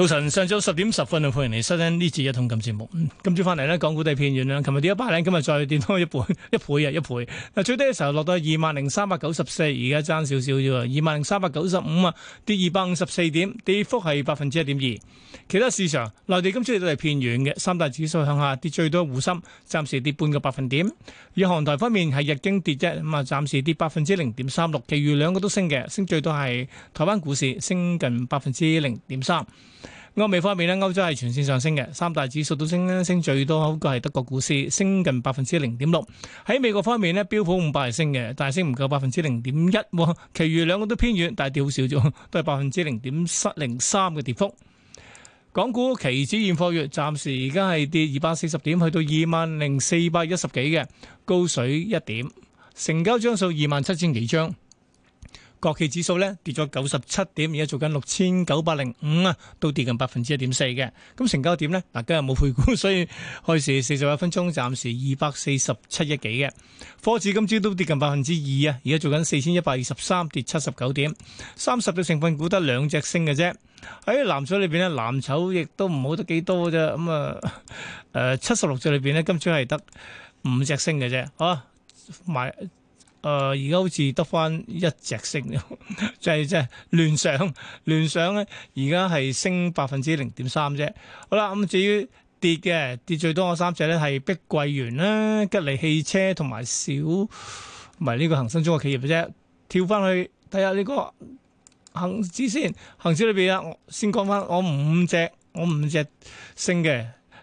早晨，上晝十點十分就歡迎你嚟收聽呢次一桶金節目，嗯、今朝翻嚟呢港股都偏軟啦。琴日跌咗百零，今日再跌多一倍一倍啊！一倍，一倍最低嘅時候落到二萬零三百九十四，而家爭少少啫，二萬零三百九十五啊，跌二百五十四點，跌幅係百分之一點二。其他市場內地今朝都係偏軟嘅，三大指數向下跌最多滬深，滬深暫時跌半個百分點。日韓台方面係日經跌啫，咁啊暫時跌百分之零點三六，其餘兩個都升嘅，升最多係台灣股市升近百分之零點三。歐美方面咧，歐洲係全線上升嘅，三大指數都升，升最多，嗰個係德國股市升近百分之零點六。喺美國方面咧，標普五百係升嘅，但係升唔夠百分之零點一，其餘兩個都偏軟，但係掉少咗，都係百分之零點七零三嘅跌幅。港股期指現貨月暫時而家係跌二百四十點，去到二萬零四百一十幾嘅高水一點，成交張數二萬七千幾張。國企指數咧跌咗九十七點，而家做緊六千九百零五啊，都跌近百分之一點四嘅。咁成交點咧，嗱今日冇配股，所以開市四十一分鐘，暫時二百四十七億幾嘅。科指今朝都跌近百分之二啊，而家做緊四千一百二十三，跌七十九點。三十隻成分股得兩隻升嘅啫。喺藍籌裏邊咧，藍籌亦都唔好得幾多嘅啫。咁、嗯、啊，誒七十六隻裏邊咧，今朝係得五隻升嘅啫。啊，賣。誒、呃 就是就是，而家好似得翻一隻升，就係即係聯想，聯想咧，而家係升百分之零點三啫。好啦，咁至於跌嘅，跌最多嗰三隻咧，係碧桂園啦、吉利汽車同埋小，唔係呢個恒生中國企業嘅啫。跳翻去睇下呢個恒指先，恒指裏邊啊，我先講翻我五隻，我五隻升嘅。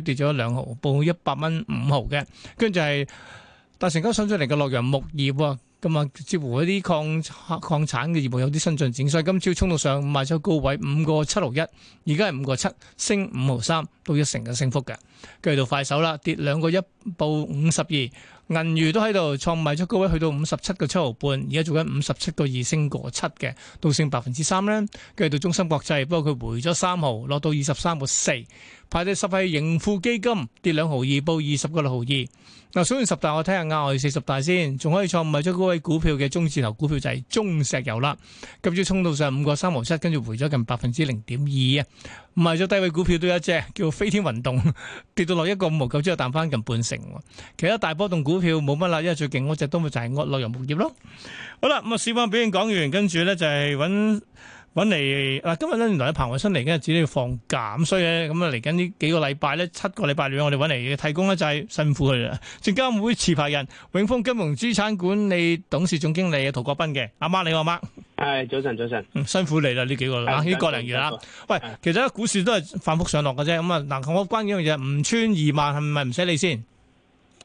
跌咗兩毫，報一百蚊五毫嘅。跟住就係大成交上咗嚟嘅洛陽鉬業啊，咁啊，似乎嗰啲礦礦產嘅業務有啲新進展，所以今朝衝到上賣咗高位五個七毫一，而家係五個七，升五毫三，到一成嘅升幅嘅。跟住到快手啦，跌兩個一，報五十二。銀娛都喺度創賣咗高位，去到五十七個七毫半，而家做緊五十七個二，升過七嘅，到升百分之三啦。跟住到中芯國際，不過佢回咗三毫，落到二十三個四。排第十塊盈富基金跌兩毫二，報二十個六毫二。嗱，數完十大，我睇下額外四十大先，仲可以錯唔係咗高位股票嘅中字頭股票就係、是、中石油啦，今住衝到上五個三毫七，跟住回咗近百分之零點二啊。唔咗低位股票都有一隻叫飛天運動， 跌到落一個五毫九，之後彈翻近半成。其他大波動股票冇乜啦，因為最勁嗰隻都咪就係安洛陽木業咯。好啦，咁啊，市況表現講完，跟住咧就係揾。揾嚟嗱，今日咧原來彭偉新嚟緊，只要放假，咁所以咧，咁啊嚟緊呢幾個禮拜咧，七個禮拜裏邊，我哋揾嚟提供就係辛苦佢啦。證監會持牌人、永豐金融資產管理董事總經理陶國斌嘅，阿媽你好，阿媽，係早晨，早晨，嗯，辛苦你啦呢幾個呢晨個零月啦。喂，其實股市都係反覆上落嘅啫，咁、嗯、啊，嗱，我關嘅樣嘢，唔穿二萬係咪唔使你先？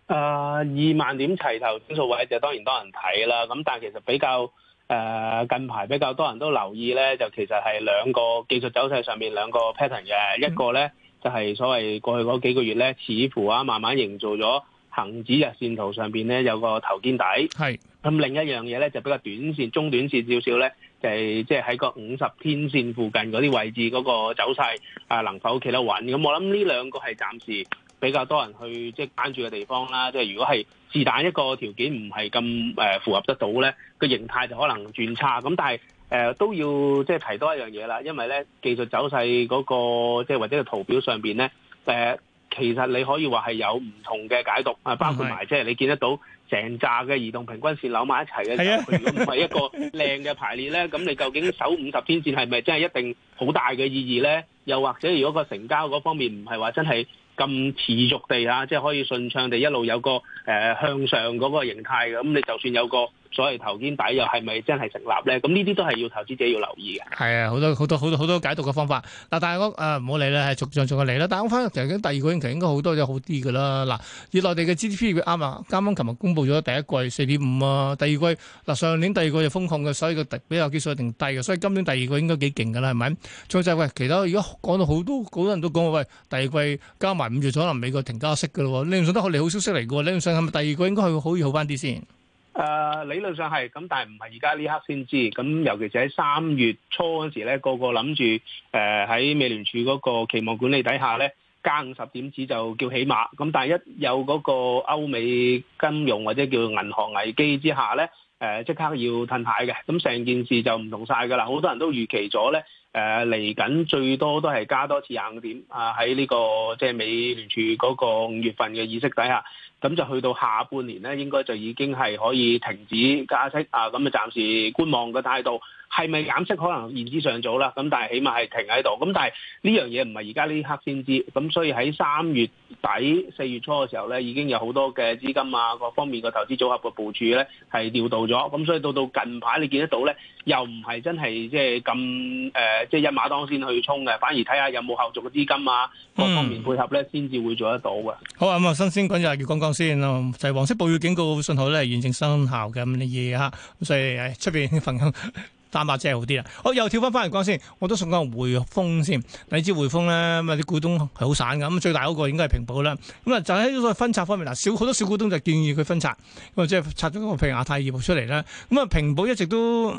誒，uh, 二萬點齊頭整數位就當然多人睇啦，咁但係其實比較。誒、uh, 近排比較多人都留意咧，就其實係兩個技術走勢上面兩個 pattern 嘅，mm. 一個咧就係、是、所謂過去嗰幾個月咧，似乎啊慢慢營造咗恒指日線圖上邊咧有個頭肩底。係是。咁另一樣嘢咧就比較短線、中短線少少咧，就係即係喺個五十天線附近嗰啲位置嗰個走勢啊能否企得穩？咁我諗呢兩個係暫時。比較多人去即係關注嘅地方啦，即係如果係是但一個條件唔係咁誒符合得到咧，個形態就可能轉差。咁但係誒、呃、都要即係提多一樣嘢啦，因為咧技術走勢嗰、嗰個即係或者個圖表上邊咧誒，其實你可以話係有唔同嘅解讀啊，包括埋即係你見得到成扎嘅移動平均線扭埋一齊嘅時候，是啊、如果唔係一個靚嘅排列咧，咁 你究竟守五十天線係咪真係一定好大嘅意義咧？又或者如果個成交嗰方面唔係話真係？咁持續地嚇，即係可以順暢地一路有個誒、呃、向上嗰個形態嘅，咁你就算有個。所謂頭肩底又係咪真係成立咧？咁呢啲都係要投資者要留意嘅。係啊，好多好多好多好多解讀嘅方法。嗱、呃，但係我誒唔好理啦，係逐漸逐個嚟啦。但係我翻頭先第二個星期應該多多好多嘢好啲嘅啦。嗱，以內地嘅 GDP 啱啊，啱啱琴日公布咗第一季四點五啊，第二季嗱上年第二季就封控嘅，所以個比較基數一定低嘅，所以今年第二季應該幾勁嘅啦，係咪？再就喂，其他而家講到好多好多人都講話喂，第二季加埋五月可能美國停加息嘅咯喎，你唔信得利好消息嚟嘅喎，你唔信係咪第二個應該係會可以好翻啲先？誒、uh, 理論上係咁，但係唔係而家呢刻先知。咁尤其是喺三月初嗰時咧，個個諗住誒喺美聯儲嗰個期望管理底下咧，加五十點子就叫起碼。咁但係一有嗰個歐美金融或者叫銀行危機之下咧，誒、呃、即刻要褪軚嘅。咁成件事就唔同晒㗎啦。好多人都預期咗咧，誒嚟緊最多都係加多次廿五點啊！喺呢、這個即係、就是、美聯儲嗰個五月份嘅議息底下。咁就去到下半年呢，應該就已經係可以停止加息啊，咁啊，暫時觀望嘅態度。係咪減息可能言之尚早啦？咁但係起碼係停喺度。咁但係呢樣嘢唔係而家呢刻先知。咁所以喺三月底四月初嘅時候咧，已經有好多嘅資金啊，各方面嘅投資組合嘅部署咧係調度咗。咁所以到近到近排你見得到咧，又唔係真係即係咁誒，即係、呃、一馬當先去衝嘅，反而睇下有冇後續嘅資金啊，各方面配合咧先至會做得到嘅、嗯。好啊，咁啊，新鮮滾日要講一講先咯，就係、是、黃色暴雨警告信號咧完成生效嘅，咁你夜黑，所以喺出邊啲三百隻好啲啦，好又跳翻翻嚟講先，我都送個匯豐先。你知匯豐咧，咁啊啲股東係好散噶，咁最大嗰個應該係平保啦。咁、嗯、啊，就喺呢個所謂分拆方面，嗱小好多小股東就建議佢分、嗯就是、拆，咁啊即係拆咗個譬如亞太業務出嚟啦。咁、嗯、啊，平保一直都唔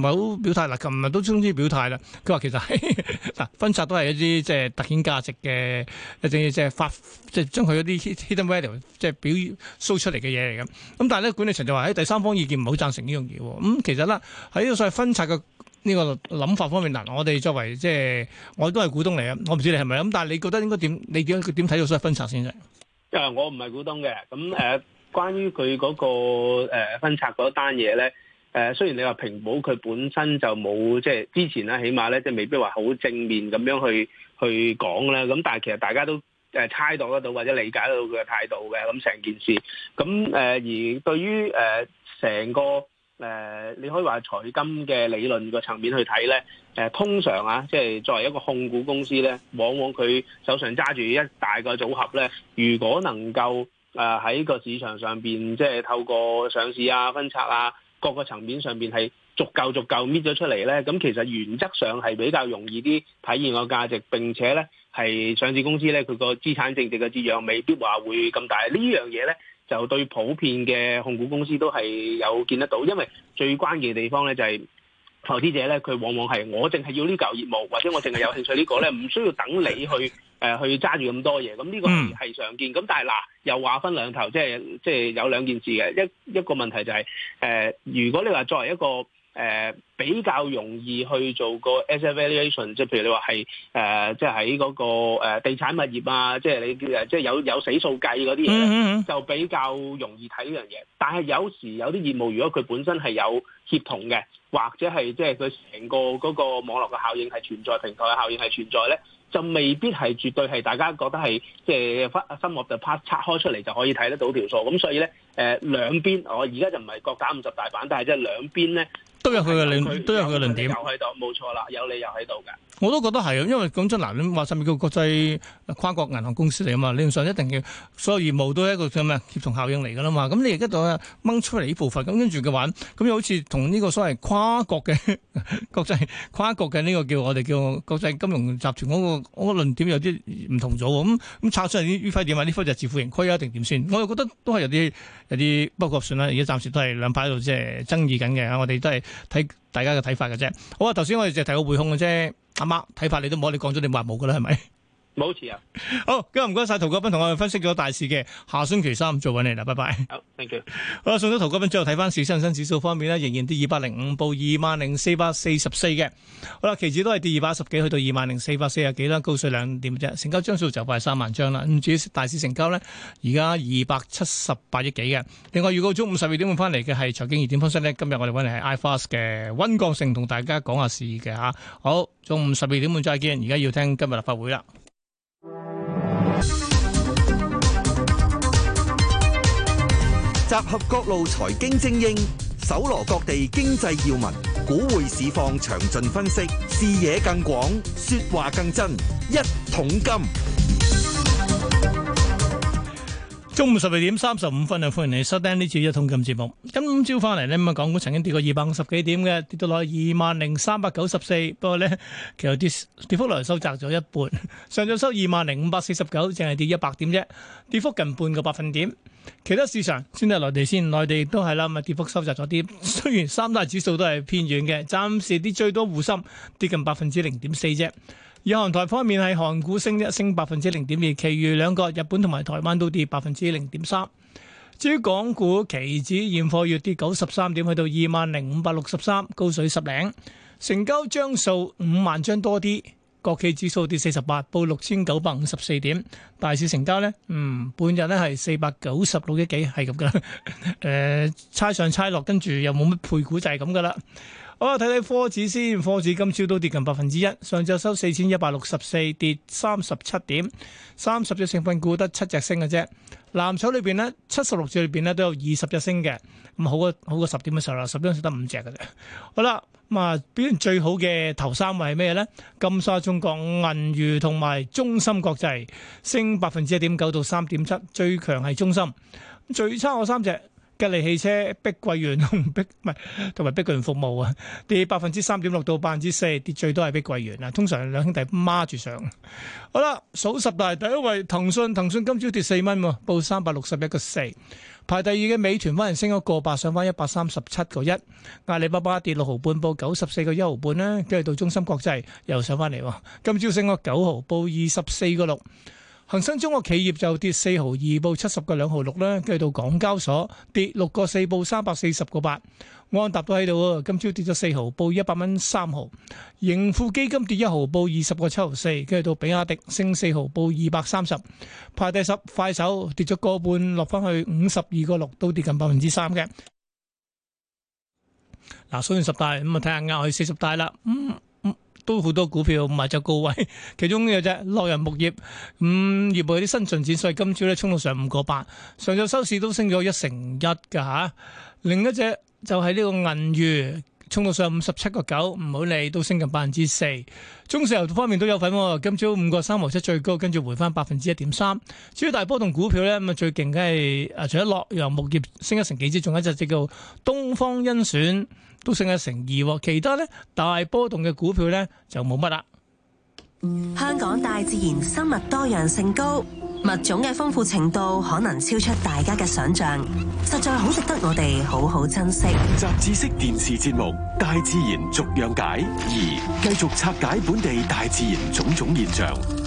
係好表態啦，琴日都終於表態啦。佢話其實係嗱 分拆都係一啲即係特顯價值嘅，一定要即係發即係將佢嗰啲 hidden value 即係表 show 出嚟嘅嘢嚟嘅。咁、嗯、但係咧，管理層就話喺第三方意見唔好贊成呢樣嘢喎。咁、嗯、其實啦，喺呢個所謂分拆嘅呢個諗法方面嗱，我哋作為即係我都係股東嚟嘅，我唔知你係咪咁，但係你覺得應該點？你點樣佢點睇到所以分拆先啫？因為，我唔係股東嘅，咁誒、呃，關於佢嗰個、呃、分拆嗰單嘢咧，誒、呃、雖然你話平保佢本身就冇即係之前咧，起碼咧即係未必話好正面咁樣去去講咧，咁但係其實大家都誒、呃、猜度得到或者理解得到佢嘅態度嘅，咁成件事，咁誒、呃、而對於誒成個。誒、呃，你可以話財金嘅理論個層面去睇咧，誒、呃、通常啊，即係作為一個控股公司咧，往往佢手上揸住一大個組合咧，如果能夠誒喺、呃、個市場上邊，即係透過上市啊、分拆啊，各個層面上邊係逐個逐個搣咗出嚟咧，咁其實原則上係比較容易啲體現個價值，並且咧係上市公司咧，佢個資產淨值嘅折讓未必話會咁大，樣呢樣嘢咧。就對普遍嘅控股公司都係有見得到，因為最關鍵嘅地方咧就係、是、投資者咧，佢往往係我淨係要呢嚿業務，或者我淨係有興趣呢個咧，唔需要等你去誒、呃、去揸住咁多嘢，咁、嗯、呢個係常見。咁但係嗱、呃，又話分兩頭，即係即係有兩件事嘅一一個問題就係、是、誒、呃，如果你話作為一個誒、呃、比較容易去做個 asset valuation，即係譬如你話係誒，即係喺嗰個、呃、地產物業啊，即係你誒，即係有有死數計嗰啲嘢就比較容易睇呢樣嘢。但係有時有啲業務，如果佢本身係有協同嘅，或者係即係佢成個嗰個網絡嘅效應係存在，平台嘅效應係存在咧，就未必係絕對係大家覺得係即係分啊，新樂就拆拆開出嚟就可以睇得到條數。咁所以咧，誒、呃、兩邊，我而家就唔係各打五十大板，但係即係兩邊咧。都有佢嘅論，都有佢嘅論點。有喺度，冇錯啦，有理由喺度嘅。我都覺得係啊，因為講真係嗱，你話甚至叫國際跨國銀行公司嚟啊嘛，理論上一定要所有業務都係一個咩協同效應嚟㗎啦嘛。咁你而家就掹出嚟呢部分，咁跟住嘅話，咁又好似同呢個所謂跨國嘅國際跨國嘅呢個叫我哋叫國際金融集團嗰個嗰個論點有啲唔同咗喎。咁咁炒出嚟呢呢忽點啊？呢忽就自負盈虧啊？定點先？我又覺得都係有啲有啲不過算啦。而家暫時都係兩派喺度即係爭議緊嘅。我哋都係。睇大家嘅睇法嘅啫，好啊！頭先我哋就提個匯控嘅啫，阿媽睇法你都唔好，你講咗你話冇㗎喇，係咪？冇遲啊！好，今日唔該晒陶國斌同我哋分析咗大市嘅，下星期三再搵你啦，拜拜。好，oh,，thank you。好啦，送咗陶國斌之後，睇翻市，新深指數方面呢，仍然跌二百零五，報二萬零四百四十四嘅。好啦，期指都係跌二百十幾，去到二萬零四百四十幾啦，高水兩點啫。成交張數就快三萬張啦，咁至於大市成交呢，而家二百七十八億幾嘅。另外，預告中午十二點半翻嚟嘅係財經熱點分析呢。今日我哋搵嚟係 iFast 嘅溫國成同大家講下市嘅吓。好，中午十二點半再見。而家要聽今日立法會啦。集合各路財經精英，搜羅各地經濟要聞，股匯市況詳盡分析，視野更廣，說話更真。一桶金，中午十二點三十五分啊！歡迎你收聽呢次一桶金節目。今朝翻嚟咧咁啊，港股曾經跌過二百五十幾點嘅，跌到落二萬零三百九十四。不過咧，其實跌跌幅嚟收窄咗一半，上晝收二萬零五百四十九，淨係跌一百點啫，跌幅近半個百分點。其他市場先睇內地先，內地都係啦，咪跌幅收窄咗啲。雖然三大指數都係偏軟嘅，暫時啲最多滬深跌近百分之零點四啫。以韓台方面係韓股升一升百分之零點二，其餘兩個日本同埋台灣都跌百分之零點三。至於港股期指現貨月跌九十三點，去到二萬零五百六十三，高水十零，成交張數五萬張多啲。國企指數跌四十八，報六千九百五十四點。大市成交咧，嗯，半日咧係四百九十六億幾，係咁噶。誒、 呃，猜上猜落，跟住又冇乜配股就，就係咁噶啦。我睇睇科指先，科指今朝都跌近百分之一，上晝收四千一百六十四，跌三十七點。三十隻成分股得七隻升嘅啫。藍籌裏邊呢，七十六隻裏邊呢都有二十隻升嘅，咁好過好過十點嘅時候啦。十點時得五隻嘅啫。好啦。咁啊，表現最好嘅頭三位係咩呢？金沙中國、銀娛同埋中芯國際，升百分之一點九到三點七，最強係中芯。最差嗰三隻，吉利汽車、碧桂園同碧，唔係同埋碧桂園服務啊，跌百分之三點六到百分之四，跌最多係碧桂園啊。通常兩兄弟孖住上。好啦，數十大第一位騰訊，騰訊今朝跌四蚊喎，報三百六十一個四。排第二嘅美團翻嚟升咗個八，上翻一百三十七個一。阿里巴巴跌六毫半，報九十四個一毫半啦。跟住到中心國際又上翻嚟喎，今朝升咗九毫，報二十四個六。恒生中國企業就跌四毫二，報七十個兩毫六啦。跟住到港交所跌六個四，報三百四十個八。安踏都喺度，今朝跌咗四毫，報一百蚊三毫。盈富基金跌一毫，報二十個七毫四。跟住到比亞迪升四毫，報二百三十。排第十快手跌咗個半，落翻去五十二個六，都跌近百分之三嘅。嗱，數完十大咁啊，睇下壓去四十大啦。嗯。都好多股票賣咗高位， 其中有隻洛陽木業咁、嗯，業務有啲新進展，所以今朝咧衝到上五個八，上晝收市都升咗一成一㗎嚇。另一隻就係呢個銀娛，衝到上五十七個九，唔好理，都升近百分之四。中石油方面都有份、啊，今朝五個三毫七最高，跟住回翻百分之一點三。至於大波動股票咧，咁啊最勁梗係啊，除咗洛陽木業升一成幾之外，仲有一隻叫東方甄選。都升一成二，其他咧大波動嘅股票咧就冇乜啦。香港大自然生物多樣性高，物種嘅豐富程度可能超出大家嘅想象，實在好值得我哋好好珍惜。雜誌式電視節目《大自然逐樣解》，而繼續拆解本地大自然種種現象。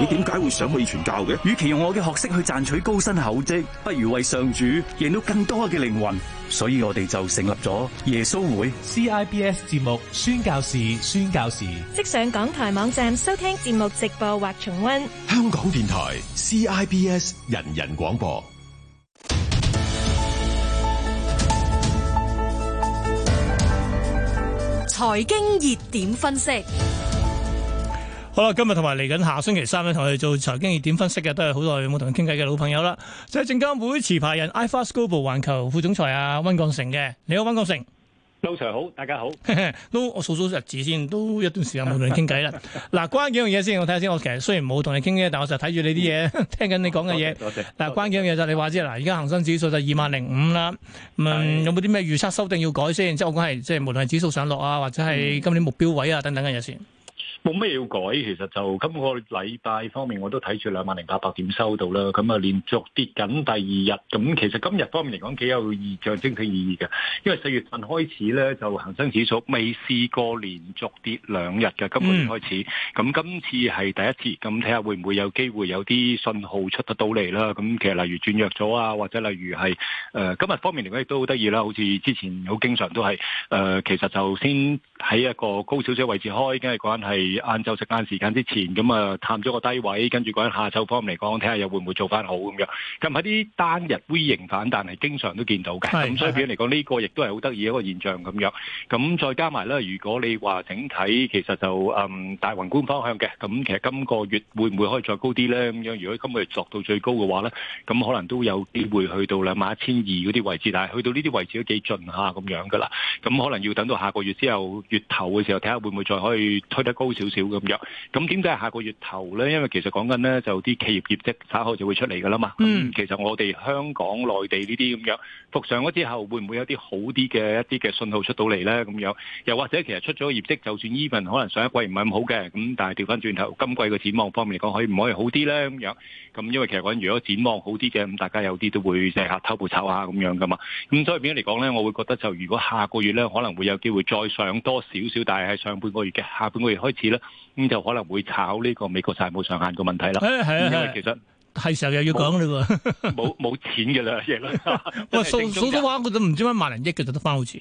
你點解會想去傳教嘅？與其用我嘅學識去賺取高薪厚職，不如為上主贏到更多嘅靈魂。所以我哋就成立咗耶穌會。CIBS 節目宣教士，宣教士即上港台網站收聽節目直播或重溫。香港電台 CIBS 人人廣播。財經熱點分析。好啦，今日同埋嚟緊下星期三咧，同我做財經熱點分析嘅都係好耐冇同你傾偈嘅老朋友啦，就係證監會持牌人 iFAST Global 環球副總裁啊溫鋼成嘅，你好溫鋼成，老徐好，大家好，都 我數數日子先，都一段時間冇同你傾偈啦。嗱，關幾樣嘢先，我睇下先，我其實雖然冇同你傾嘅，但我就睇住你啲嘢，嗯、聽緊你講嘅嘢。嗱，關幾樣嘢就你話知嗱，而家恒生指數就二萬零五啦，嗯、但有冇啲咩預測修訂要改先？即係我講係，即係無論係指數上落啊，或者係今年目標位啊等等嘅嘢先。冇咩要改，其實就今個禮拜方面我都睇住兩萬零八百點收到啦。咁啊，連續跌緊第二日，咁其實今日方面嚟講，幾有意象徵性意義嘅。因為四月份開始咧，就恆生指數未試過連續跌兩日嘅，今個月開始。咁今次係第一次，咁睇下會唔會有機會有啲信號出得到嚟啦。咁其實例如轉弱咗啊，或者例如係誒今日方面嚟講亦都好得意啦。好似之前好經常都係誒，其實就先喺一個高少少位置開緊嘅關係。晏晝食晏時間之前，咁啊，探咗個低位，跟住講下晝方面嚟講，睇下，又會唔會做翻好咁樣。咁喺啲單日 V 型反彈係經常都見到嘅，咁所以變嚟講呢個亦都係好得意一個現象咁樣。咁再加埋咧，如果你話整體其實就嗯大宏觀方向嘅，咁其實今個月會唔會可以再高啲咧？咁樣，如果今個月作到最高嘅話咧，咁可能都有機會去到兩萬一千二嗰啲位置，但係去到呢啲位置都幾盡吓咁樣噶啦咁可能要等到下個月之後月頭嘅時候，睇下會唔會再可以推得高少少少咁樣，咁點解下個月頭咧？因為其實講緊咧就啲企業業績稍後就會出嚟噶啦嘛。嗯，其實我哋香港內地呢啲咁樣復上咗之後，會唔會有啲好啲嘅一啲嘅信號出到嚟咧？咁樣又或者其實出咗業績，就算 even 可能上一季唔係咁好嘅，咁但係調翻轉頭今季嘅展望方面嚟講，可以唔可以好啲咧？咁樣咁因為其實講緊如果展望好啲嘅，咁大家有啲都會即係吓偷步炒下咁樣噶嘛。咁所以變咗嚟講咧，我會覺得就如果下個月咧可能會有機會再上多少少，但係喺上半個月嘅，下半個月開始。咁就可能會炒呢個美國債務上限嘅問題啦。因為其實係時候又要講呢個冇冇錢嘅兩嘢啦。喂，數數話我都唔知乜萬零億嘅就得返好似。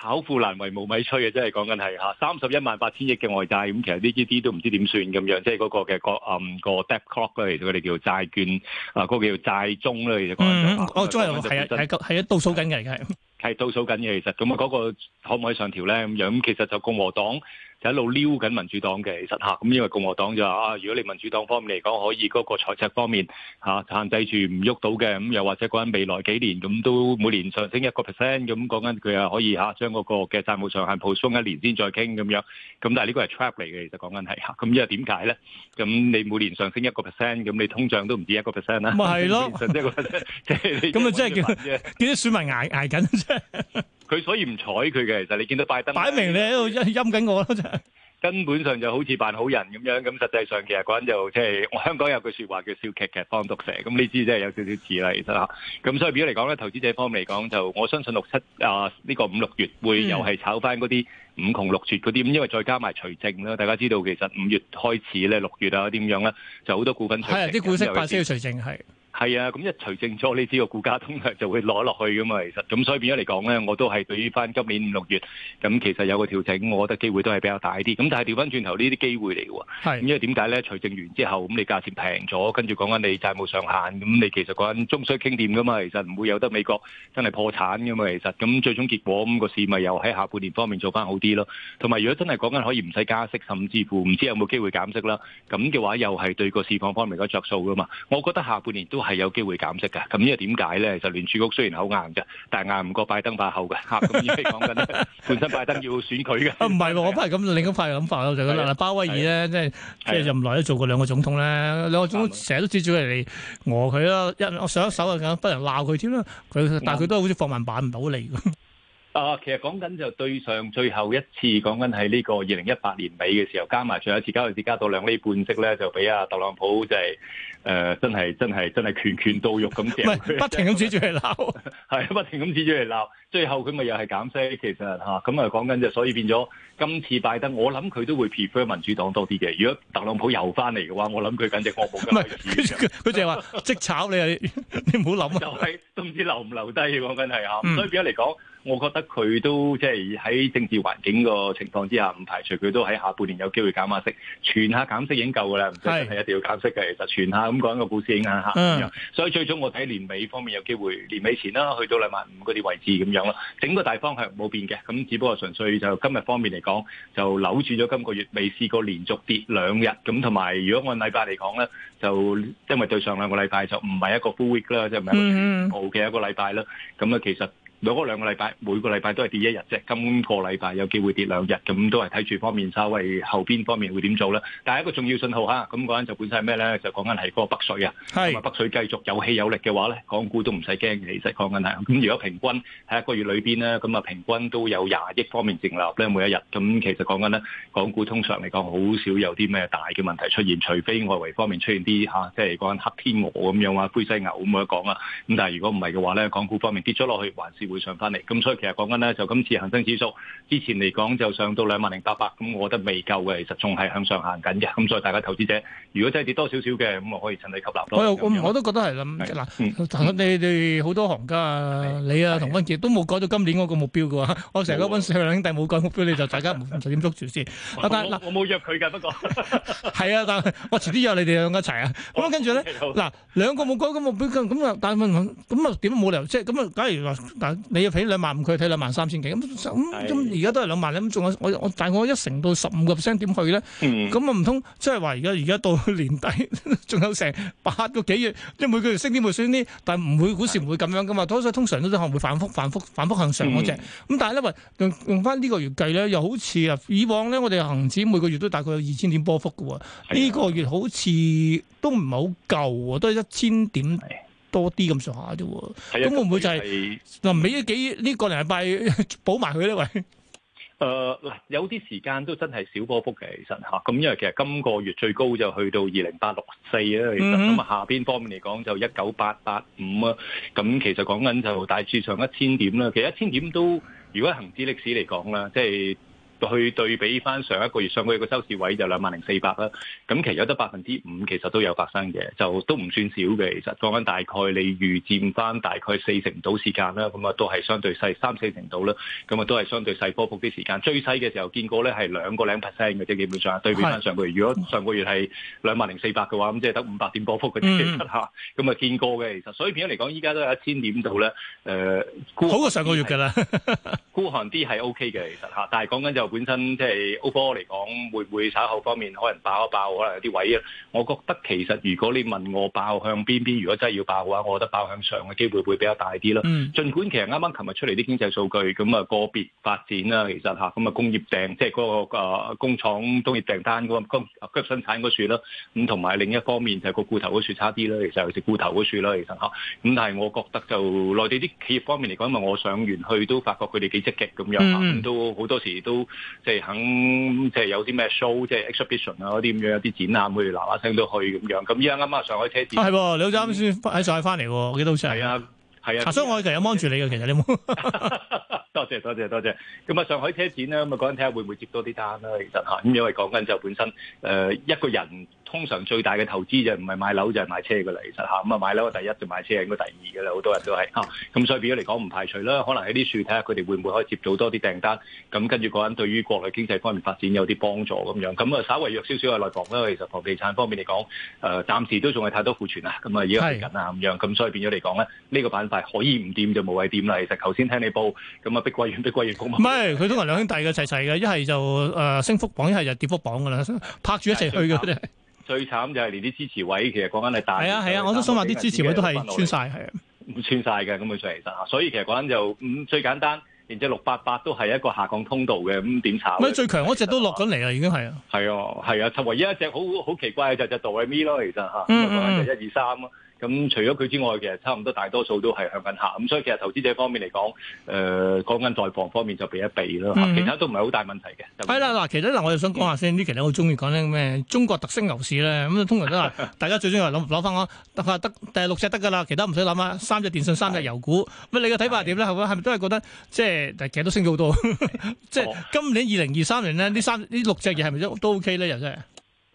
巧婦難為無米炊啊！真係講緊係嚇三十一萬八千億嘅外債，咁其實呢啲啲都唔知點算咁樣。即係嗰個嘅個嗯個 debt clock 咧，佢哋叫債券啊，嗰個叫債鐘咧，其實講緊就話哦，即係係啊係啊，倒數緊嘅而家，係倒數緊嘅。其實咁啊，嗰個可唔可以上調咧？咁樣咁其實就共和黨。就一路撩緊民主黨嘅，其實嚇，咁因為共和黨就話啊，如果你民主黨方面嚟講可以嗰個財赤方面嚇、啊、限制住唔喐到嘅，咁又或者講緊未來幾年咁都每年上升一個 percent，咁講緊佢啊可以嚇將嗰個嘅債務上限鋪鬆一年先再傾咁樣，咁但係呢個係 trap 嚟嘅，其實講緊係嚇，咁因為點解咧？咁你每年上升一個 percent，咁你通脹都唔止一個 percent 啦。咪係咯，即係即係，咁啊，即係、 嗯、 叫 叫啲選民捱捱緊啫。 佢所以唔睬佢嘅，其實你見到拜登擺明你喺度陰陰緊我咯，真係 根本上就好似扮好人咁樣。咁實際上其實個人就即、是、係我香港有句説話叫笑騎騎放毒蛇，咁呢啲真係有少少似啦，其實咁所以比方嚟講咧，投資者方面嚟講就我相信六七啊、呢、這個五六月會又係炒返嗰啲五窮六絕嗰啲，咁因為再加埋除淨啦。大家知道其實五月開始咧，六月啊，點樣咧就好多股份係啊，啲股息品需要除淨係。係啊，咁一除正咗呢啲個股價通常就會攞落去噶嘛。其實，咁所以變咗嚟講咧，我都係對於翻今年五六月咁，其實有個調整，我覺得機會都係比較大啲。咁但係調翻轉頭呢啲機會嚟喎，因為點解咧？除正完之後，咁你價錢平咗，跟住講緊你債務上限，咁你其實講緊終須傾掂噶嘛。其實唔會有得美國真係破產噶嘛。其實咁最終結果，咁個市咪又喺下半年方面做翻好啲咯。同埋如果真係講緊可以唔使加息，甚至乎唔知有冇機會減息啦，咁嘅話又係對個市況方面嗰着數噶嘛。我覺得下半年都係有機會減息嘅，咁呢個點解咧？就聯儲局雖然好硬啫，但係硬唔過拜登把口嘅嚇。咁而家講緊本身拜登要選佢嘅，唔係喎，一派咁，另一派又咁諗法咯。就嗱嗱，鮑威爾咧，即係即係任內都做過兩個總統咧，兩個總統成日都招招人嚟餓佢咯，一上一手啊，咁不人鬧佢添啦。佢但係佢都好似放慢板唔到嚟。啊，其實講緊就對上最後一次講緊係呢個二零一八年尾嘅時候，加埋最後一次交易市加到兩釐半息咧，就俾阿特朗普就係誒真係真係真係拳拳到肉咁。唔係不停咁指住嚟鬧，係不停咁指住嚟鬧。最後佢咪又係減息。其實嚇咁啊，講緊就所以變咗今次拜登，我諗佢都會 prefer 民主黨多啲嘅。如果特朗普又翻嚟嘅話，我諗佢緊隻惡虎咁。佢淨係話即炒你，你唔好諗就係都唔知留唔留低講緊係嚇。所以而家嚟講。我覺得佢都即係喺政治環境個情況之下，唔排除佢都喺下半年有機會減下息，傳下減息已經夠噶啦，唔使是一定要減息嘅。其實傳下咁講、個股市影響吓、嗯、所以最終我睇年尾方面有機會，年尾前啦，去到兩萬五嗰啲位置咁樣咯。整個大方向冇變嘅，咁只不過純粹就今日方面嚟講，就扭轉咗今個月未試過連續跌兩日咁，同埋如果按禮拜嚟講咧，就因為對上兩個禮拜就唔係一個 full week 啦，即係唔係好嘅一個禮拜啦，咁啊其實。嗯兩個禮拜，每個禮拜都係跌一日啫。今個禮拜有機會跌兩日，咁都係睇住方面，稍微後邊方面會點做咧。但係一個重要信號嚇，咁講緊就本身係咩咧？就講緊係嗰個北水啊。係。咁北水繼續有氣有力嘅話咧，港股都唔使驚嘅，其實講緊係。咁如果平均喺一個月裏邊咧，咁啊平均都有廿億方面淨流入咧，每一日。咁其實講緊咧，港股通常嚟講好少有啲咩大嘅問題出現，除非外圍方面出現啲吓、啊，即係講緊黑天鵝咁樣啊，灰犀牛咁樣講啊。咁但係如果唔係嘅話咧，港股方面跌咗落去，還是。會上翻嚟，咁所以其實講緊咧，就今次恆生指數之前嚟講就上到兩萬零八百，咁我覺得未夠嘅，其實仲係向上行緊嘅。咁所以大家投資者，如果真係跌多少少嘅，咁我可以趁低吸納多。我又我都覺得係啦，嗱，你哋好多行家，你啊，同溫傑都冇改到今年嗰個目標嘅喎。我成日都問溫兩兄弟冇改目標，你就大家唔使點捉住先。我我冇約佢嘅，不過係啊，但係我遲啲約你哋兩個一齊啊。咁啊，跟住咧，嗱兩個冇改個目標咁咁啊，但係問咁啊點都冇理由，即係咁啊，假如話但。你又睇兩萬五，佢睇兩萬三千幾咁咁咁，而家都係兩萬咧，咁仲有我我，但係我一成到十五個 percent 點去咧，咁啊唔通即係話而家而家到年底仲有成八個幾月，即係每個月升啲，會升啲，但係唔會股市唔會咁樣噶嘛，通常都可能會反覆反覆反覆向上嗰隻，咁、嗯嗯、但係咧，喂用用翻呢個月計咧，又好似啊以往咧，我哋恆指每個月都大概有二千點波幅噶喎，呢、哎、呀個月好似都唔係好夠，都係一千點。多啲咁上下啫喎，咁會唔會就係嗱尾幾個禮 呢個禮拜補埋佢咧？喂，誒嗱，有啲時間都真係小波幅嘅，其實嚇。咁因為其實今個月最高就去到二零八六四咧，其實咁啊下邊方面嚟講就一九八八五啊，咁其實講緊就大致上一千點啦。其實一千點都如果恆指歷史嚟講啦，即係。去對比翻上，上一個月，上個月個收市位就兩萬零四百啦。咁其實有得百分之五，其實都有發生嘅，就都唔算少嘅。其實講緊大概你預佔翻大概四成到時間啦，咁啊都係相對細三四成到啦。咁啊都係相對細波幅啲時間，最細嘅時候見過咧係兩個零 percent 嘅啫。基本上對比翻上，上個月，如果上個月係兩萬零四百嘅話，咁即係得五百點波幅啲其實嚇。咁啊、嗯、見過嘅，其實所以變咗嚟講，依家都有一千點度咧。誒、呃，好過上個月㗎啦，孤寒啲係 OK 嘅，其實嚇。但係講緊就。本身即係歐科嚟講，會唔會稍後方面可能爆一爆，可能有啲位啊？我覺得其實如果你問我爆向邊邊，如果真係要爆嘅話，我覺得爆向上嘅機會會比較大啲咯。Mm hmm. 儘管其實啱啱琴日出嚟啲經濟數據，咁啊個別發展啦，其實吓，咁啊工業訂即係嗰、嗰個、啊、工廠工業訂單嗰、嗰個今今生產嗰樹啦，咁同埋另一方面就係個固投嗰樹差啲啦，其實係固投嗰樹啦，其實吓，咁、啊，但係我覺得就內地啲企業方面嚟講，因為我上完去都發覺佢哋幾積極咁樣、啊、都好多時都。即係肯，即係有啲咩 show，即係 exhibition 啊嗰啲咁樣，有啲展覽，佢喇喇聲都去咁樣。咁依家啱啱上海車展，係、啊、你好啱先喺上海翻嚟。我記得好似係啊，係啊。啊啊所以我其實有幫住你嘅，其實你冇。多謝多謝多謝。咁啊，上海車展咧，咁啊嗰陣睇下會唔會接多啲單啦、啊。其實吓，咁、啊、因為講緊就本身誒、呃、一個人。通常最大嘅投資就唔係買樓就係買車噶啦，其實嚇咁啊買樓啊第一，就買車應該第二噶啦，好多人都係嚇，咁所以變咗嚟講唔排除啦，可能喺啲樹睇下佢哋會唔會可以接到多啲訂單，咁跟住個人對於國內經濟方面發展有啲幫助咁樣，咁啊稍微弱少少嘅內房啦，其實房地產方面嚟講，誒暫時都仲係太多庫存啊，咁啊依家嚟緊啊咁樣，咁所以變咗嚟講咧，呢個板塊可以唔掂就無謂掂啦。其實頭先聽你報咁啊，碧桂園、碧桂園股份唔係佢都係兩兄弟嘅齊齊嘅，一係就誒升幅榜，一係就跌幅榜噶啦，拍住一齊去嘅。最慘就係連啲支持位，其實講緊係大。係啊係啊，啊我都想話啲支持位都係穿晒，係啊，穿晒嘅咁樣上，其實吓。所以其實講緊就，嗯，最簡單，連隻六八八都係一個下降通道嘅，咁點炒？咪最強嗰隻都落緊嚟啦，已經係啊。係啊係啊，就唯、啊、一一隻好好奇怪嘅就就道威咪咯，其實吓。嗯一二三啊。咁除咗佢之外，其實差唔多大多數都係向緊客，咁所以其實投資者方面嚟講，誒講緊在防方面就避一避啦，嗯、其他都唔係好大問題嘅。係、就、啦、是，嗱，其實嗱，我就想講下先，呢其實我好中意講啲咩中國特色牛市咧，咁通常都係大家最中意諗攞翻嗰得第六隻得㗎啦，其他唔使諗啊，三隻電信、三隻油股，乜的你嘅睇法係點咧？係咪係咪都係覺得即係其實都升咗好多？ 即係、哦、今年二零二三年咧，呢三呢六隻嘢係咪都 OK 咧？又真係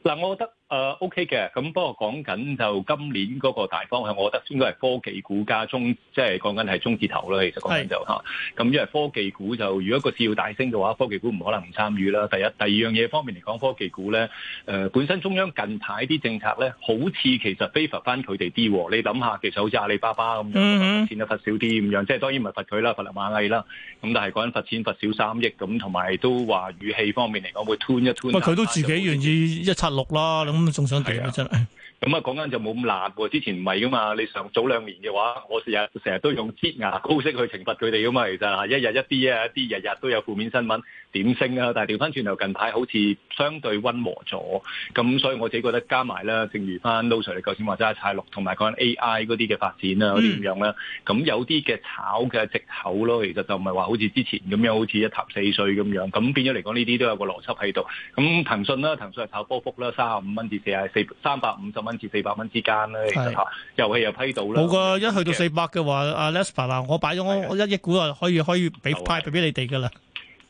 嗱，我覺得。誒、uh, OK 嘅，咁不過講緊就今年嗰個大方向，我覺得應該係科技股加中，即係講緊係中字頭啦。其實講緊就嚇、是，咁是因為科技股就如果個市要大升嘅話，科技股唔可能唔參與啦。第一，第二樣嘢方面嚟講，科技股咧誒、呃、本身中央近排啲政策咧，好似其實 favor 翻佢哋啲。你諗下，其實好似阿里巴巴咁，罰錢一罰少啲咁樣，即係、嗯嗯、當然唔係罰佢啦，罰下螞蟻啦。咁但係講緊罰錢罰少三億咁，同埋都話語氣方面嚟講會 turn 一 turn。佢都自己願意一七六啦。咁咪仲想點啊真係。咁啊，講緊、嗯嗯嗯、就冇咁辣喎。之前唔係噶嘛，你上早兩年嘅話，我成日成日都用擠牙膏式去懲罰佢哋噶嘛，其實係一日一啲啊，一啲日日都有負面新聞點升啊。但係調翻轉頭近排好似相對溫和咗，咁所以我自己覺得加埋啦，正如翻 Lucy 你頭先話齋啊，太綠同埋講緊 AI 嗰啲嘅發展啊嗰啲咁樣啦，咁、嗯、有啲嘅炒嘅藉口咯，其實就唔係話好似之前咁樣，好似一塌四碎咁樣。咁變咗嚟講，呢啲都有個邏輯喺度。咁騰訊啦，騰訊係炒波幅啦，三十五蚊至四廿四三百五十蚊。四百蚊之間咧，其實嚇，遊戲又批到啦。冇㗎一去到四百嘅話，阿 Lesper、啊啊、的我擺咗我一億股啊，可以可以俾派俾你哋嘅啦。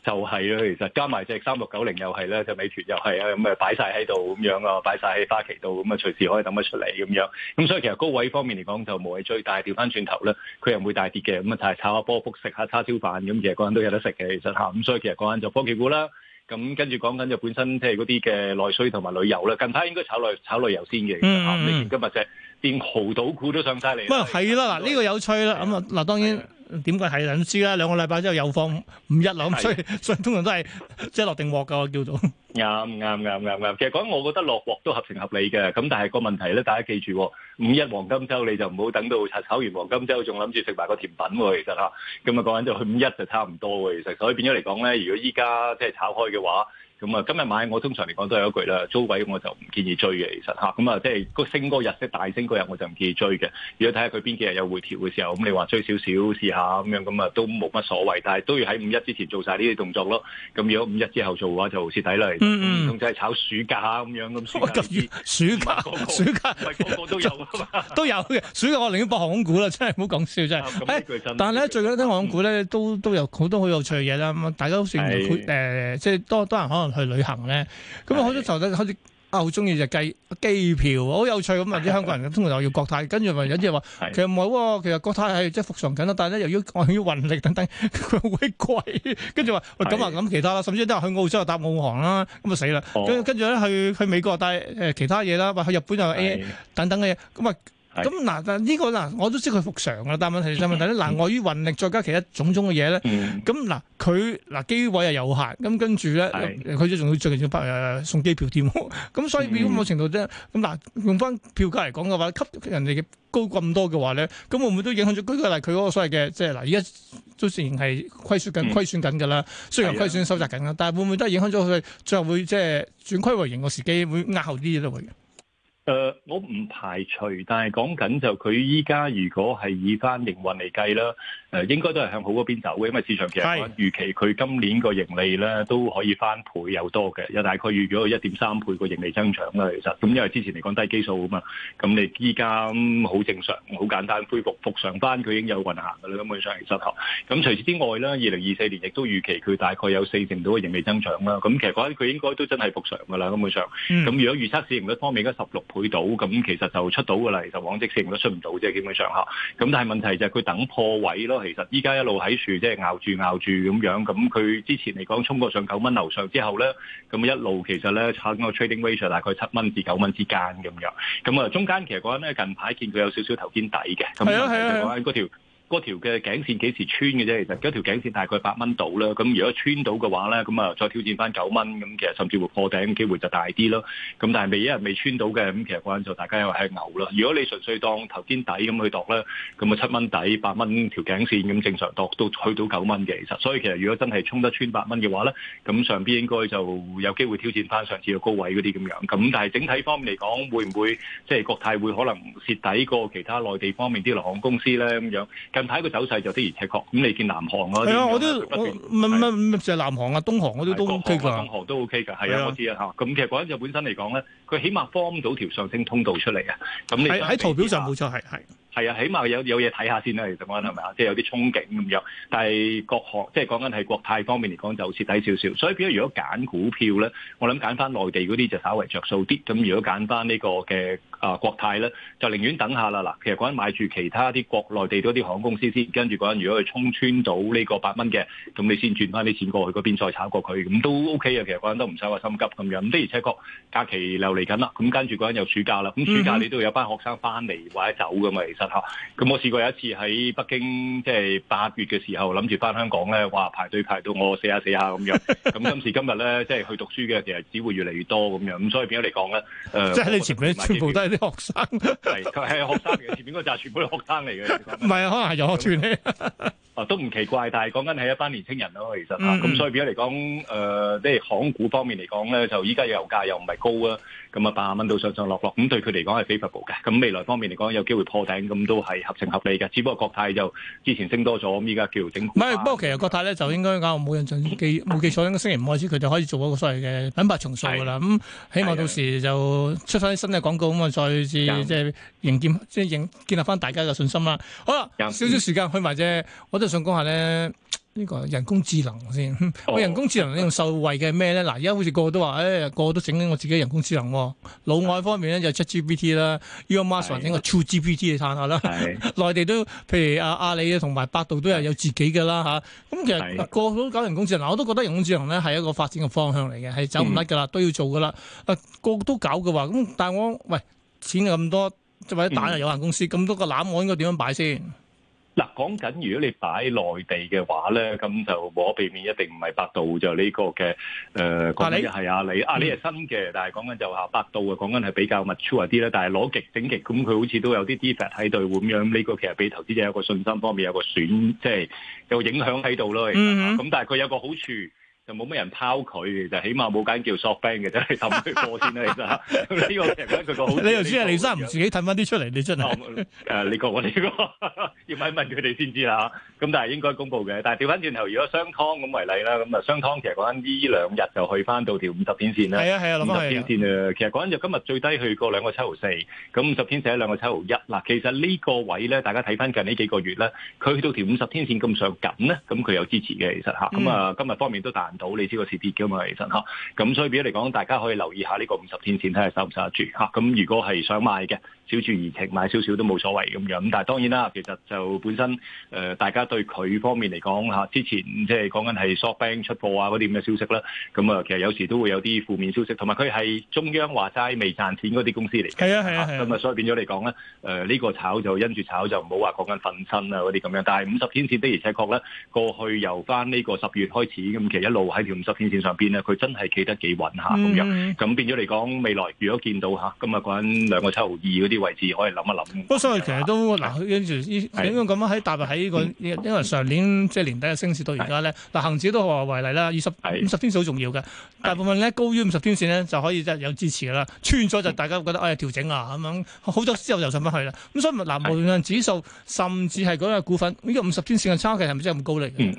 就係咯，其實加埋隻三六九零又係咧，就美團又係啊，咁啊擺晒喺度咁樣啊，擺晒喺花旗度，咁啊隨時可以抌得出嚟咁樣。咁所以其實高位方面嚟講就冇謂追，但係調翻轉頭咧，佢又唔會大跌嘅。咁啊，就係、是、炒下波幅，食下叉燒飯咁，其實個人都有得食嘅。其實嚇，咁所以其實個陣就科技股啦。咁跟住講緊就本身即係嗰啲嘅內需同埋旅遊咧，近排應該炒旅炒旅遊先嘅，嚇、mm。Hmm. 你見今日啫，連豪賭股都上晒嚟。喂，係啦，嗱呢個有趣啦，咁啊嗱當然。點解係忍輸啦？兩個禮拜之後又放五一啦，咁的所以所以通常都係即係落定鑊㗎叫做。啱啱啱啱啱。其實講，我覺得落鑊都合情合理嘅。咁但係個問題咧，大家記住，五一黃金周你就唔好等到炒完黃金周仲諗住食埋個甜品喎。其實嚇，咁啊，講緊就去五一就差唔多嘅。其實所以變咗嚟講咧，如果依家即係炒開嘅話。咁啊，今日買我通常嚟講都係一句啦，租位我就唔建議追嘅，其實吓，咁啊，即係個升嗰日即大升嗰日，我就唔建議追嘅。如果睇下佢邊幾日有回調嘅時候，咁、嗯、你話追少少試下咁樣，咁啊都冇乜所謂。但係都要喺五一之前做晒呢啲動作咯。咁如果五一之後做嘅話，就好似睇嚟，咁即係炒暑假咁樣，咁暑假啲暑假，暑假個個都有啊嘛，都有嘅。暑假我寧願博航空股啦，真係唔好講笑，真係、 啊。但係咧，最近啲航空股咧都都有好多好有趣嘅嘢啦。咁大家都算誒即係多多人可能。去旅行咧，咁好多時候咧，開始啊好中意就計機票，好有趣咁。或啲的香港人通常又要國泰，跟住咪有啲人話，的其實唔係，其實國泰係即係復常緊啦。但係咧又要礙於運力等等，佢會貴。跟住話，喂，咁啊，咁其他啦，甚至都係去澳洲又搭澳航啦，咁啊死啦。哦、跟跟住咧去去美國帶誒其他嘢啦，或去日本又 A 的等等嘅嘢，咁啊。咁嗱，但呢個嗱，我都知佢復常啦，但問題就係問題咧，嗱、嗯，礙於運力，再加其他種種嘅嘢咧。咁、呃、嗱，佢嗱機位又有限，咁跟住咧，佢仲要最近要幫送機票添。咁、呃、所以，某程度啫。咁嗱、呃，用翻票價嚟講嘅話，吸人哋高咁多嘅話咧，咁會唔會都影響咗？舉個例，佢嗰個所謂嘅，即係嗱，而家都仍然係虧損緊，虧損緊㗎啦。雖然虧損收窄緊啦，著著的但係會唔會都係影響咗佢最後會即係轉虧為盈嘅時機會壓後啲咧會？誒、呃，我唔排除，但係講緊就佢依家如果係以翻營運嚟計啦，誒、呃、應該都係向好嗰邊走嘅，因為市場其實預期佢今年個盈利咧都可以翻倍有多嘅，又大概預咗一點三倍個盈利增長啦。其實是，咁因為之前嚟講低基數啊嘛，咁你依家好正常、好簡單，恢復復常翻，佢已經有運行噶啦，根本上係失效。咁除此之外咧，二零二四年亦都預期佢大概有四成到嘅盈利增長啦。咁其實覺得佢應該都真係復常噶啦，根本上。咁、嗯、如果預測市盈率方面，而家十六倍。去到咁，其實就出到噶啦。其實往即市都出唔到即係，基本上吓。咁但係問題就係佢等破位咯。其實依家一路喺處即係咬住咬住咁樣。咁佢之前嚟講衝過上九蚊樓上之後咧，咁一路其實咧差嗰個 trading range 大概七蚊至九蚊之間咁樣。咁啊中間其實講咧近排見佢有少少頭肩底嘅。係啊係啊。嗰條嘅頸線幾時穿嘅啫？其實嗰條頸線大概八蚊度啦，咁如果穿到嘅話咧，咁啊再挑戰翻九蚊，咁其實甚至會破頂機會就大啲咯。咁但係未，一日未穿到嘅，咁其實嗰陣就大家又係牛啦。如果你純粹當頭肩底咁去度咧，咁七蚊底八蚊條頸線咁正常度都去到九蚊嘅，其實所以其實如果真係衝得穿八蚊嘅話咧，咁上邊應該就有機會挑戰翻上次嘅高位嗰啲咁樣。咁但係整體方面嚟講，會唔會即係、就是、國泰會可能蝕底過其他內地方面啲航空公司咧咁樣？近排個走勢就的而且確，咁你見南航嗰係啊，我啲我唔唔唔，成、啊、南航啊東航嗰啲都 OK 㗎，東航都 OK 㗎，係啊，我知啊嚇。咁其實嗰陣就本身嚟講咧，佢起碼 form 到條上升通道出嚟啊。咁你喺喺圖表上冇錯，係係。係啊，起碼有有嘢睇下先啦，其實我諗係咪啊，即係有啲憧憬咁樣。但係國航即係講緊係國泰方面嚟講就蝕底少少，所以變咗如果揀股票咧，我諗揀翻內地嗰啲就稍為着數啲。咁如果揀翻呢個嘅啊國泰咧，就寧願等下啦。嗱，其實嗰陣買住其他啲國內地嗰啲航空公司先，跟住嗰陣如果佢衝穿到呢個八蚊嘅，咁你先轉翻啲錢過去嗰邊再炒過佢，咁都 OK 啊。其實嗰陣都唔使話心急咁樣。咁即係而且國假期流嚟緊啦，咁跟住嗰陣又暑假啦，咁暑假你都有班學生翻嚟或者走噶嘛。咁我試過有一次喺北京，即係八月嘅時候，諗住翻香港咧，話排隊排到我死下死下咁樣。咁 今時今日咧，即係去讀書嘅，其實只會越嚟越多咁樣。咁所以變咗嚟講咧，誒、呃，即係你前面全部都係啲學生，佢 係學生，前面嗰扎全部都學生嚟嘅，唔係啊，可能係遊學團咧 、啊，都唔奇怪。但係講緊係一班年青人咯、啊，其實咁、嗯嗯、所以變咗嚟講，誒、呃，即係行股方面嚟講咧，就依家油價又唔係高啊，咁啊八十蚊到上上落落，咁對佢嚟講係 favorable 嘅。咁未來方面嚟講，有機會破頂。咁都係合情合理嘅，只不過國泰就之前升多咗，咁依家叫整。唔係，不過其實國泰咧就應該講，我冇印象，記冇記錯應該星期五開始佢就可以做一個所謂嘅品牌重塑嘅啦。咁希望到時就出翻啲新嘅廣告咁啊，再次即係營建，即係營建立翻大家嘅信心啦。好啦，的的少少時間去埋啫，我都想講下咧。呢個人工智能先，我 人工智能要用受惠嘅咩咧？嗱，而、哎、家好似個個都話，誒個個都整緊我自己人工智能。老外方面咧就七 GPT 啦 u、R、m a s h 整是個 True GPT 嚟嘆下啦。是 內地都譬如阿阿里啊，同埋百度都係有自己嘅啦吓，咁是、啊、其實個個都搞人工智能，我都覺得人工智能咧係一個發展嘅方向嚟嘅，係走唔甩噶啦，都要做噶啦。誒、嗯啊、個個都搞嘅話，咁但係我喂錢咁多，即或者打入有限公司，咁、嗯、多個攬我應該點樣擺先？嗱，講緊如果你擺內地嘅話咧，咁就無可避免一定唔係百度就呢個嘅，誒講緊係阿里，阿里係新嘅，但係講緊就話百度嘅，講緊係比較 mature 啲啦。但係攞極整極，咁佢好似都有啲 defect 喺度咁樣，呢、這個其實俾投資者有一個信心方面，有個選，即係有影響喺度咯。咁、嗯哼啊、但係佢有個好處。冇乜人拋佢嘅，就起碼冇間叫 SoftBank 嘅啫，氹佢貨先啦。其實呢個佢個好，你頭先係李生唔自己氹翻啲出嚟，你真係？誒，你個我呢個要問一問佢哋先知啦。咁但係應該公佈嘅。但係調翻轉頭，如果雙湯咁為例啦，咁啊雙湯其實講緊呢兩日就去翻到條五十天線啦。係啊係啊，諗翻去。五十天線啊，其實講緊就今日最低去過兩個七毫四，咁五十天線喺兩個七毫一啦。其實呢個位咧，大家睇翻近呢幾個月咧，佢去到條五十天線咁上緊咧，咁佢有支持嘅其實吓，咁啊，今日方面都彈。.到你知個市跌嘅嘛？其實吓，咁所以嚟講，大家可以留意下呢個五十天線，睇下收唔收得住吓。咁如果係想買嘅。 小注怡情買少少都冇所謂咁樣，咁但係當然啦，其實就本身誒大家對佢方面嚟講嚇，之前即係講緊係 shorting 出貨啊嗰啲咁嘅消息啦，咁啊其實有時都會有啲負面消息，同埋佢係中央話曬未賺錢嗰啲公司嚟嘅，咁啊所以變咗嚟講咧，誒呢個炒就因住炒就唔好話講緊瞓身啊嗰啲咁樣，但係五十天線的而且確咧，過去由翻呢個十月開始咁，其實一路喺條五十天線上邊咧，佢真係企得幾穩下咁樣，咁變咗嚟講未來如果見到嚇今日講緊兩個七毫二嗰啲。位置可以諗一諗。不過、嗯，所以其實都嗱，住點樣咁樣喺大陸喺呢個，因為上、這個嗯、年即係、就是、年底嘅升市到而家咧，嗱、嗯、恆指都話為例啦，二十五十天線好重要嘅。大部分咧高於五十天線咧就可以即係有支持啦。穿咗就大家覺得哎調整啊咁樣，好多之後又上翻去啦。咁所以嗱，無論係指數甚至係嗰個股份，呢個五十天線嘅差距係咪真係咁高咧？嗯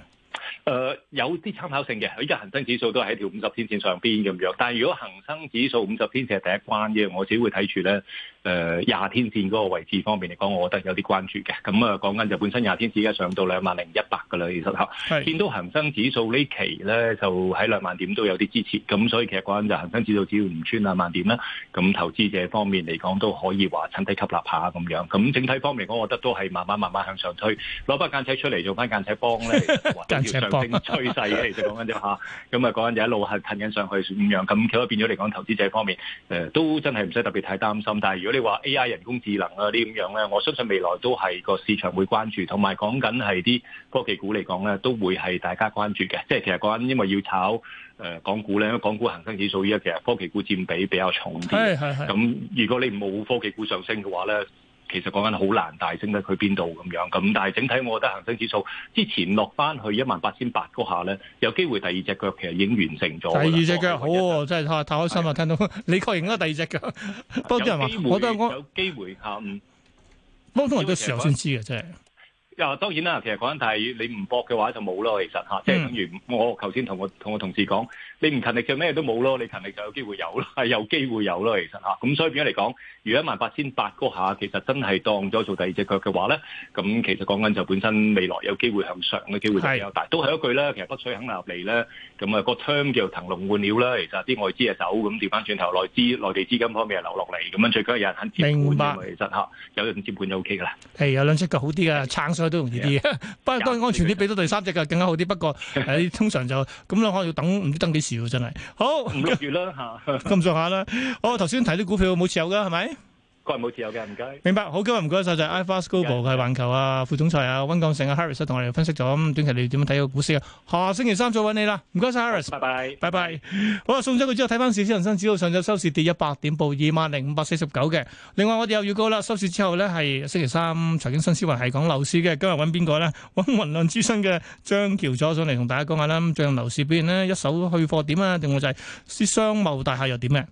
誒、呃、有啲參考性嘅，依家恒生指數都喺條五十天線上邊咁樣。但係如果恒生指數五十天線係第一關嘅，我只會睇住咧誒廿天線嗰個位置方面嚟講，我覺得有啲關注嘅。咁、嗯、啊講緊就本身廿天線而家上到兩萬零一百嘅啦，其實嚇。見到恒生指數期呢期咧就喺兩萬點都有啲支持，咁所以其實講緊就恒生指數只要唔穿兩萬點啦，咁投資者方面嚟講都可以話趁低吸納下咁樣。咁整體方面嚟講，我覺得都係慢慢慢慢向上推，攞把間尺出嚟做翻間尺幫咧。 趨勢嘅，其實講緊啫嚇，咁啊講緊就一路係騰緊上去咁樣，咁其實變咗嚟講，投資者方面誒都真係唔使特別太擔心。但係如果你話 AI 人工智能啊啲咁樣咧，我相信未來都係個市場會關注，同埋講緊係啲科技股嚟講咧，都會係大家關注嘅。即係其實講緊，因為要炒誒港股咧，因為港股恒生指數依家其實科技股佔比比較重啲，咁如果你冇科技股上升嘅話咧？其實講緊好難大升得去邊度咁樣，咁但係整體我覺得恒生指數之前落翻去一萬八千八嗰下咧，有機會第二隻腳其實已經完成咗。第二隻腳好，好哦，真係太開心啦！的聽到你確認咗第二隻腳噶，方人文，我都有機我有機會吓，嗯，方通文都事後先知嘅，真係。又，嗯，當然啦，其實講緊，但係你唔博嘅話就冇咯。其實吓，即係，嗯，等於我頭先同我同我同事講。你唔勤力就咩都冇咯，你勤力就有機會有啦，係有機會有咯，其實嚇。咁所以變咗嚟講，如果一萬八千八嗰下，其實真係當咗做第二隻腳嘅話咧，咁其實講緊就本身未來有機會向上嘅機會就比較大。都係一句咧，其實北水肯入嚟咧，咁啊個 term 叫做騰籠換鳥啦。其實啲外資啊走，咁調翻轉頭，內資內地資金方面啊流落嚟，咁樣最緊要有人肯接盤嘅，其實嚇有人接盤就 OK 噶啦。係有兩隻腳好啲嘅，撐上去都容易啲嘅。不過當然安全啲，俾到第三隻腳更加好啲。不過喺通常就咁咧，可能要等唔知等幾。真係好，五六月啦吓，咁 上下啦。好，頭先提啲股票冇持有㗎係咪？是今人冇自由嘅，唔該。明白，好今日唔該晒，就係 iFAST Global，係環球啊副總裁啊溫鋼城啊 Harris 同、啊、我哋分析咗，咁短期你點樣睇個股市啊？下星期三再揾你啦，唔該晒，Harris。拜拜，拜拜 bye。好啊，送咗佢之後，睇翻少少恒生指數，上日收市跌一百點，報二萬零五百四十九嘅。另外我哋又預告啦，收市之後咧係星期三財經新思維係講樓市嘅，今日揾邊個咧？揾云論諮詢嘅張喬佐上嚟同大家講下啦。咁最近樓市表現呢，一手去貨點啊？定會就係啲商貿大廈又點嘅。